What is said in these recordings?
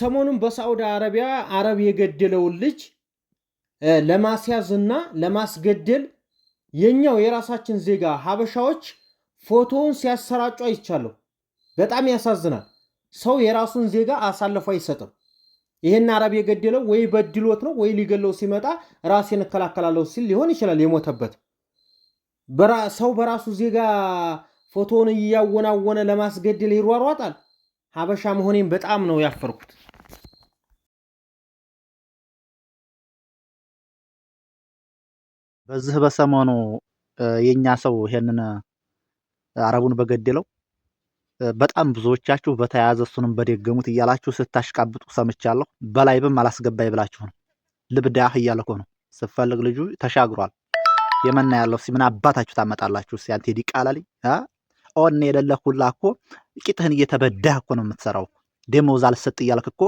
ሰሞኑን በሳዑዲ አረቢያ አረብ የገደለውን ልጅ ለማስያዝ እና ለማስገደል የኛው የራሳችን ዜጋ ሀበሻዎች ፎቶውን ሲያሰራጩ አይቻለሁ። በጣም ያሳዝናል። ሰው የራሱን ዜጋ አሳልፎ አይሰጥም። ይህን አረብ የገደለው ወይ በድሎት ነው ወይ ሊገለው ሲመጣ ራሴን እከላከላለሁ ሲል ሊሆን ይችላል የሞተበት። ሰው በራሱ ዜጋ ፎቶውን እያወናወነ ለማስገደል ይሯሯጣል። ሀበሻ መሆኔን በጣም ነው ያፈርኩት። በዚህ በሰሞኑ የኛ ሰው ይሄንን አረቡን በገደለው በጣም ብዙዎቻችሁ በተያያዘ እሱንም በደገሙት እያላችሁ ስታሽቃብጡ ሰምቻለሁ። በላይብም አላስገባይ ብላችሁ ነው ልብዳህ እያለኮ ነው ስፈልግ ልጁ ተሻግሯል። የመና ያለው ምን አባታችሁ ታመጣላችሁ? ሲያንቴ ዲቃላሊ ኦን የሌለህ ሁላ እኮ ቂጥህን እየተበዳህ እኮ ነው የምትሰራው። ደሞዝ አልሰጥ እያልክ እኮ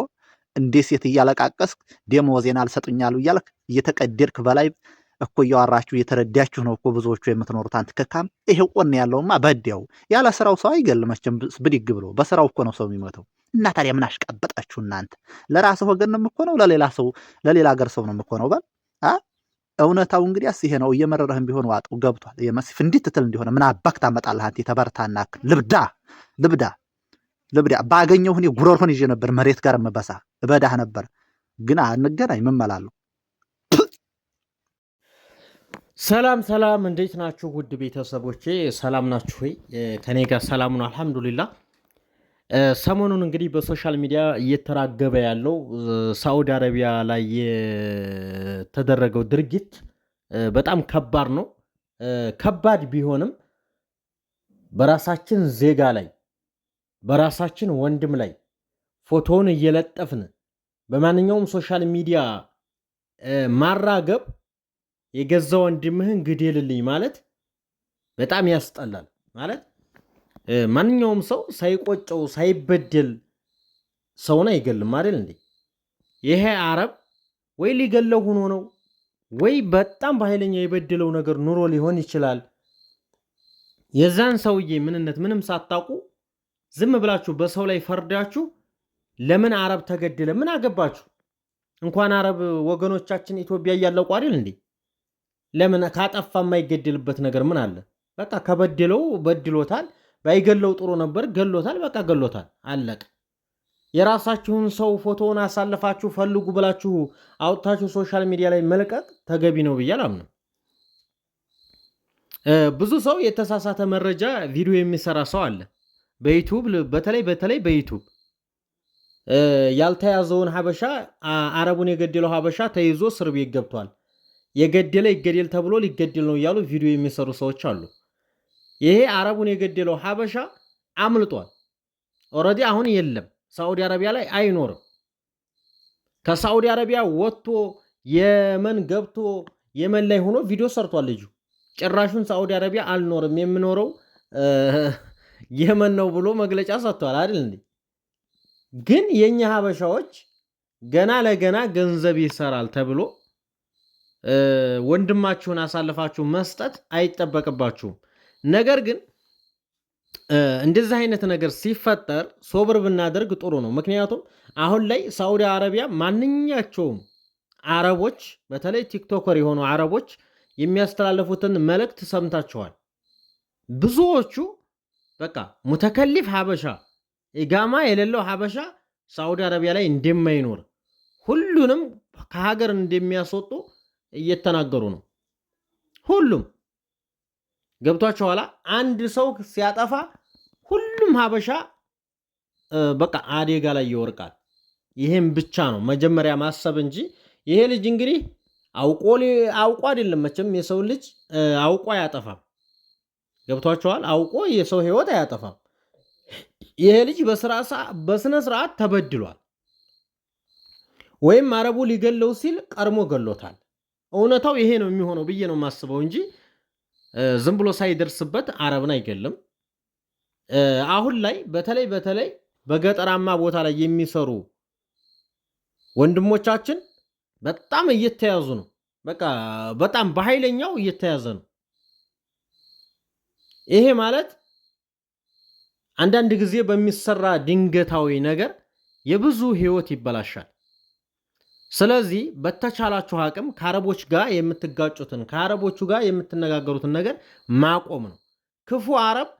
እንዴ ሴት እያለቃቀስክ ደሞዜን አልሰጡኛሉ እያልክ እየተቀደድክ በላይ እኮ እያዋራችሁ እየተረዳችሁ ነው እኮ ብዙዎቹ የምትኖሩት። አንተ ከካም ይሄ ቆን ያለውማ በዲያው ያለ ስራው ሰው አይገልመችም ብድግ ብሎ በስራው እኮ ነው ሰው የሚሞተው። እና ታዲያ ምን አሽቀበጣችሁ እናንተ? ለራስህ ወገን ነው የምኮነው፣ ለሌላ ሰው ለሌላ ሀገር ሰው ነው የምኮነው በል እውነታው እንግዲያስ ይሄ ነው። እየመረረህም ቢሆን ዋጠው ገብቷል። እንዲት ትትል እንዲሆነ ምን አባክ ታመጣለህ አንተ የተበረታናክ ልብዳ ልብዳ ልብዳ። ባገኘው እኔ ጉሮሮን ይዤ ነበር መሬት ጋር መበሳ እበዳህ ነበር፣ ግን አንገናኝ ምመላለሁ ሰላም ሰላም፣ እንዴት ናችሁ ውድ ቤተሰቦቼ? ሰላም ናችሁ ወይ? ከኔ ጋር ሰላሙን ነው፣ አልሐምዱሊላ ሰሞኑን እንግዲህ በሶሻል ሚዲያ እየተራገበ ያለው ሳዑዲ አረቢያ ላይ የተደረገው ድርጊት በጣም ከባድ ነው። ከባድ ቢሆንም በራሳችን ዜጋ ላይ በራሳችን ወንድም ላይ ፎቶውን እየለጠፍን በማንኛውም ሶሻል ሚዲያ ማራገብ የገዛ ወንድምህን ግደልልኝ ማለት በጣም ያስጠላል ማለት ማንኛውም ሰው ሳይቆጨው ሳይበደል ሰውን አይገልም አይደል እንዴ? ይሄ አረብ ወይ ሊገለው ሆኖ ነው ወይ በጣም በኃይለኛ የበደለው ነገር ኑሮ ሊሆን ይችላል። የዛን ሰውዬ ምንነት ምንም ሳታውቁ ዝም ብላችሁ በሰው ላይ ፈርዳችሁ ለምን አረብ ተገደለ ምን አገባችሁ? እንኳን አረብ ወገኖቻችን ኢትዮጵያ እያለቁ አይደል እንዴ? ለምን ካጠፋ የማይገደልበት ነገር ምን አለ? በቃ ከበደለው በድሎታል። ባይገለው ጥሩ ነበር። ገሎታል፣ በቃ ገሎታል፣ አለቀ። የራሳችሁን ሰው ፎቶውን አሳልፋችሁ ፈልጉ ብላችሁ አውጥታችሁ ሶሻል ሚዲያ ላይ መልቀቅ ተገቢ ነው ብዬ አላምንም። ብዙ ሰው የተሳሳተ መረጃ ቪዲዮ የሚሰራ ሰው አለ። በዩቱብ በተለይ በተለይ በዩቱብ ያልተያዘውን ሀበሻ አረቡን የገደለው ሀበሻ ተይዞ እስር ቤት ገብቷል። የገደለ ይገደል ተብሎ ሊገደል ነው እያሉ ቪዲዮ የሚሰሩ ሰዎች አሉ። ይሄ አረቡን የገደለው ሀበሻ አምልጧል። ኦልሬዲ አሁን የለም፣ ሳዑዲ አረቢያ ላይ አይኖርም። ከሳዑዲ አረቢያ ወጥቶ የመን ገብቶ የመን ላይ ሆኖ ቪዲዮ ሰርቷል ልጁ። ጭራሹን ሳዑዲ አረቢያ አልኖርም የምኖረው የመን ነው ብሎ መግለጫ ሰጥቷል አይደል እንዴ? ግን የእኛ ሀበሻዎች ገና ለገና ገንዘብ ይሰራል ተብሎ ወንድማችሁን አሳልፋችሁ መስጠት አይጠበቅባችሁም። ነገር ግን እንደዚህ አይነት ነገር ሲፈጠር ሶብር ብናደርግ ጥሩ ነው። ምክንያቱም አሁን ላይ ሳዑዲ አረቢያ ማንኛቸውም አረቦች በተለይ ቲክቶከር የሆኑ አረቦች የሚያስተላልፉትን መልእክት ሰምታችኋል። ብዙዎቹ በቃ ሙተከሊፍ ሀበሻ ኢጋማ የሌለው ሀበሻ ሳዑዲ አረቢያ ላይ እንደማይኖር ሁሉንም ከሀገር እንደሚያስወጡ እየተናገሩ ነው ሁሉም ገብቷቸው ኋላ አንድ ሰው ሲያጠፋ ሁሉም ሀበሻ በቃ አደጋ ላይ ይወርቃል። ይህም ብቻ ነው መጀመሪያ ማሰብ እንጂ ይሄ ልጅ እንግዲህ አውቆ አውቆ አይደለም መቼም የሰው ልጅ አውቆ አያጠፋም። ገብቷቸዋል። አውቆ የሰው ህይወት አያጠፋም። ይሄ ልጅ በስነ ስርዓት ተበድሏል። ወይም አረቡ ሊገለው ሲል ቀድሞ ገሎታል። እውነታው ይሄ ነው የሚሆነው ብዬ ነው የማስበው እንጂ ዝም ብሎ ሳይደርስበት አረብን አይገልም። አሁን ላይ በተለይ በተለይ በገጠራማ ቦታ ላይ የሚሰሩ ወንድሞቻችን በጣም እየተያዙ ነው። በቃ በጣም በኃይለኛው እየተያዘ ነው። ይሄ ማለት አንዳንድ ጊዜ በሚሰራ ድንገታዊ ነገር የብዙ ሕይወት ይበላሻል። ስለዚህ በተቻላችሁ አቅም ከአረቦች ጋር የምትጋጩትን ከአረቦቹ ጋር የምትነጋገሩትን ነገር ማቆም ነው። ክፉ አረብ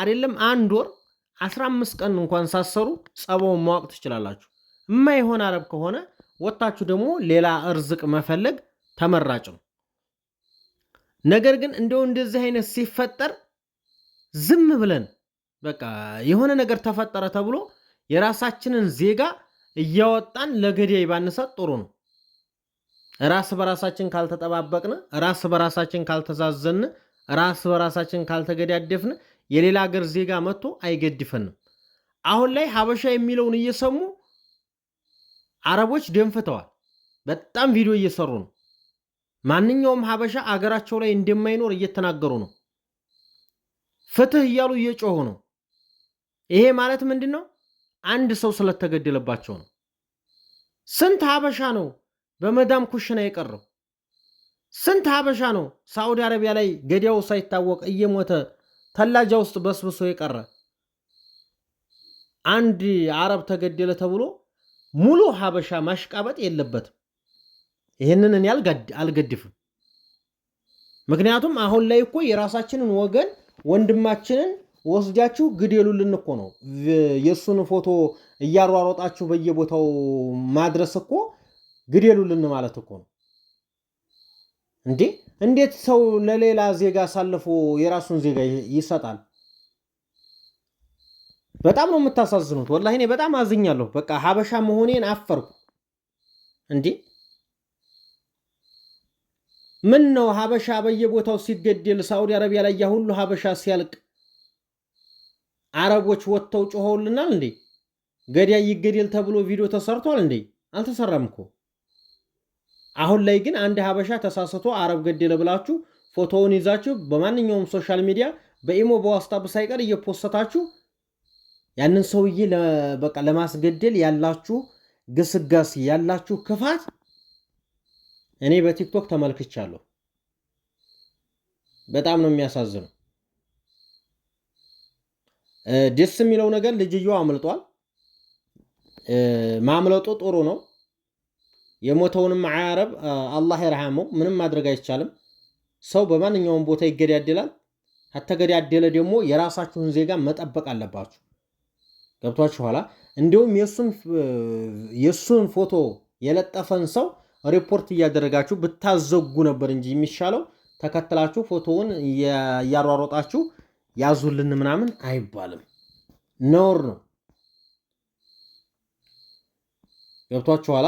አይደለም አንድ ወር አስራ አምስት ቀን እንኳን ሳሰሩ ጸበውን ማወቅ ትችላላችሁ። የማይሆን አረብ ከሆነ ወታችሁ ደግሞ ሌላ እርዝቅ መፈለግ ተመራጭ ነው። ነገር ግን እንደው እንደዚህ አይነት ሲፈጠር ዝም ብለን በቃ የሆነ ነገር ተፈጠረ ተብሎ የራሳችንን ዜጋ እያወጣን ለገዳይ ባንሰጥ ጥሩ ነው። ራስ በራሳችን ካልተጠባበቅን፣ ራስ በራሳችን ካልተዛዘን፣ ራስ በራሳችን ካልተገዳደፍን የሌላ ሀገር ዜጋ መጥቶ አይገድፈንም። አሁን ላይ ሀበሻ የሚለውን እየሰሙ አረቦች ደንፍተዋል። በጣም ቪዲዮ እየሰሩ ነው። ማንኛውም ሀበሻ አገራቸው ላይ እንደማይኖር እየተናገሩ ነው። ፍትህ እያሉ እየጮሁ ነው። ይሄ ማለት ምንድን ነው? አንድ ሰው ስለተገደለባቸው ነው። ስንት ሀበሻ ነው በመዳም ኩሽና የቀረው? ስንት ሀበሻ ነው ሳዑዲ አረቢያ ላይ ገዳው ሳይታወቅ እየሞተ ተላጃ ውስጥ በስብሶ የቀረ? አንድ አረብ ተገደለ ተብሎ ሙሉ ሀበሻ ማሽቃበጥ የለበትም። ይህንን እኔ አልገድፍም። ምክንያቱም አሁን ላይ እኮ የራሳችንን ወገን ወንድማችንን ወስጃችሁ ግደሉልን እኮ ነው። የእሱን ፎቶ እያሯሮጣችሁ በየቦታው ማድረስ እኮ ግደሉልን ማለት እኮ ነው እንዴ! እንዴት ሰው ለሌላ ዜጋ አሳልፎ የራሱን ዜጋ ይሰጣል? በጣም ነው የምታሳዝኑት። ወላሂ እኔ በጣም አዝኛለሁ። በቃ ሀበሻ መሆኔን አፈርኩ። እንዴ ምን ነው ሀበሻ በየቦታው ሲገደል፣ ሳዑዲ አረቢያ ላይ ያ ሁሉ ሀበሻ ሲያልቅ አረቦች ወጥተው ጮኸውልናል እንዴ? ገዳይ ይገደል ተብሎ ቪዲዮ ተሰርቷል እንዴ? አልተሰራም እኮ። አሁን ላይ ግን አንድ ሀበሻ ተሳስቶ አረብ ገደለ ብላችሁ ፎቶውን ይዛችሁ በማንኛውም ሶሻል ሚዲያ በኢሞ በዋስታብ ሳይቀር እየፖሰታችሁ ያንን ሰውዬ በቃ ለማስገደል ያላችሁ ግስጋሴ ያላችሁ ክፋት እኔ በቲክቶክ ተመልክቻለሁ። በጣም ነው የሚያሳዝነው። ደስ የሚለው ነገር ልጅየው አምልጧል። ማምለጡ ጥሩ ነው። የሞተውንም አያረብ አላህ ይርሃመው። ምንም ማድረግ አይቻልም። ሰው በማንኛውም ቦታ ይገዳደላል። ከተገዳደለ ደግሞ የራሳችሁን ዜጋ መጠበቅ አለባችሁ። ገብቷችሁ ኋላ እንዲሁም የእሱን ፎቶ የለጠፈን ሰው ሪፖርት እያደረጋችሁ ብታዘጉ ነበር እንጂ የሚሻለው ተከትላችሁ ፎቶውን እያሯሮጣችሁ ያዙልን ምናምን አይባልም። ነውር ነው። ገብቷችኋላ?